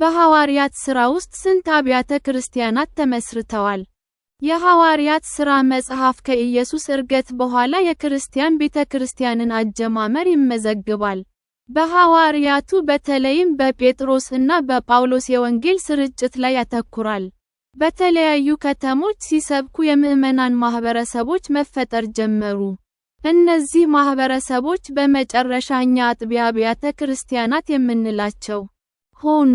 በሐዋርያት ሥራ ውስጥ ስንት አብያተ ክርስቲያናት ተመስርተዋል? የሐዋርያት ሥራ መጽሐፍ ከኢየሱስ ዕርገት በኋላ የክርስቲያን ቤተ ክርስቲያንን አጀማመር ይመዘግባል። በሐዋርያቱ በተለይም በጴጥሮስ እና በጳውሎስ የወንጌል ስርጭት ላይ ያተኩራል። በተለያዩ ከተሞች ሲሰብኩ የምዕመናን ማኅበረሰቦች መፈጠር ጀመሩ። እነዚህ ማኅበረሰቦች በመጨረሻ እኛ አጥቢያ አብያተ ክርስቲያናት የምንላቸው ሆኑ።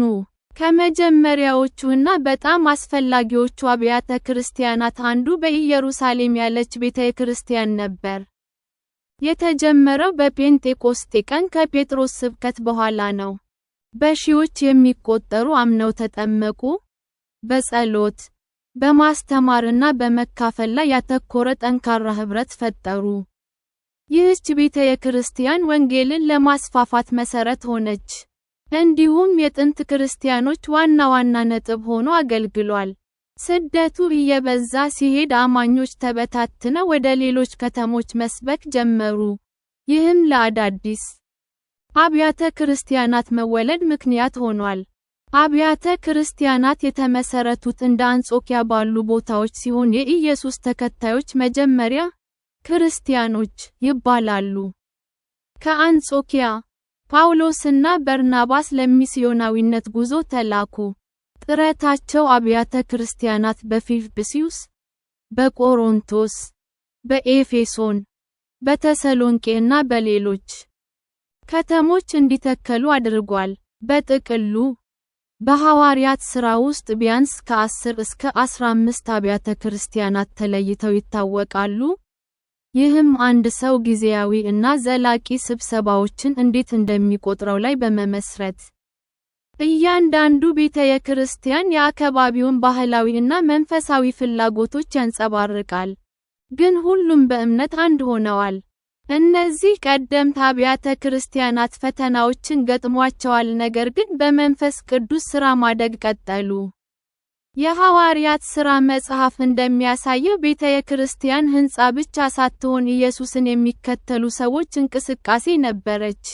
ከመጀመሪያዎቹና በጣም አስፈላጊዎቹ አብያተ ክርስቲያናት አንዱ በኢየሩሳሌም ያለች ቤተ ክርስቲያን ነበር። የተጀመረው በጴንጤቆስጤ ቀን ከጴጥሮስ ስብከት በኋላ ነው። በሺዎች የሚቆጠሩ አምነው ተጠመቁ። በጸሎት፣ በማስተማርና በመካፈል ላይ ያተኮረ ጠንካራ ኅብረት ፈጠሩ። ይህች ቤተ ክርስቲያን ወንጌልን ለማስፋፋት መሠረት ሆነች። እንዲሁም የጥንት ክርስቲያኖች ዋና ዋና ነጥብ ሆኖ አገልግሏል። ስደቱ እየበዛ ሲሄድ አማኞች ተበታትነው ወደ ሌሎች ከተሞች መስበክ ጀመሩ። ይህም ለአዳዲስ አብያተ ክርስቲያናት መወለድ ምክንያት ሆኗል። አብያተ ክርስቲያናት የተመሰረቱት እንደ አንጾኪያ ባሉ ቦታዎች ሲሆን የኢየሱስ ተከታዮች መጀመሪያ ክርስቲያኖች ይባላሉ። ከአንጾኪያ ጳውሎስና በርናባስ ለሚስዮናዊነት ጉዞ ተላኩ። ጥረታቸው አብያተ ክርስቲያናት በፊልጵስዩስ፣ በቆሮንቶስ፣ በኤፌሶን፣ በተሰሎንቄና በሌሎች ከተሞች እንዲተከሉ አድርጓል። በጥቅሉ፣ በሐዋርያት ሥራ ውስጥ ቢያንስ ከ10 እስከ 15 አብያተ ክርስቲያናት ተለይተው ይታወቃሉ። ይህም አንድ ሰው ጊዜያዊ እና ዘላቂ ስብሰባዎችን እንዴት እንደሚቆጥረው ላይ በመመስረት እያንዳንዱ ቤተ ክርስቲያን የአካባቢውን ባህላዊ እና መንፈሳዊ ፍላጎቶች ያንጸባርቃል። ግን ሁሉም በእምነት አንድ ሆነዋል። እነዚህ ቀደምት አብያተ ክርስቲያናት ፈተናዎችን ገጥሟቸዋል፣ ነገር ግን በመንፈስ ቅዱስ ሥራ ማደግ ቀጠሉ። የሐዋርያት ሥራ መጽሐፍ እንደሚያሳየው ቤተ ክርስቲያን ሕንፃ ብቻ ሳትሆን ኢየሱስን የሚከተሉ ሰዎች እንቅስቃሴ ነበረች።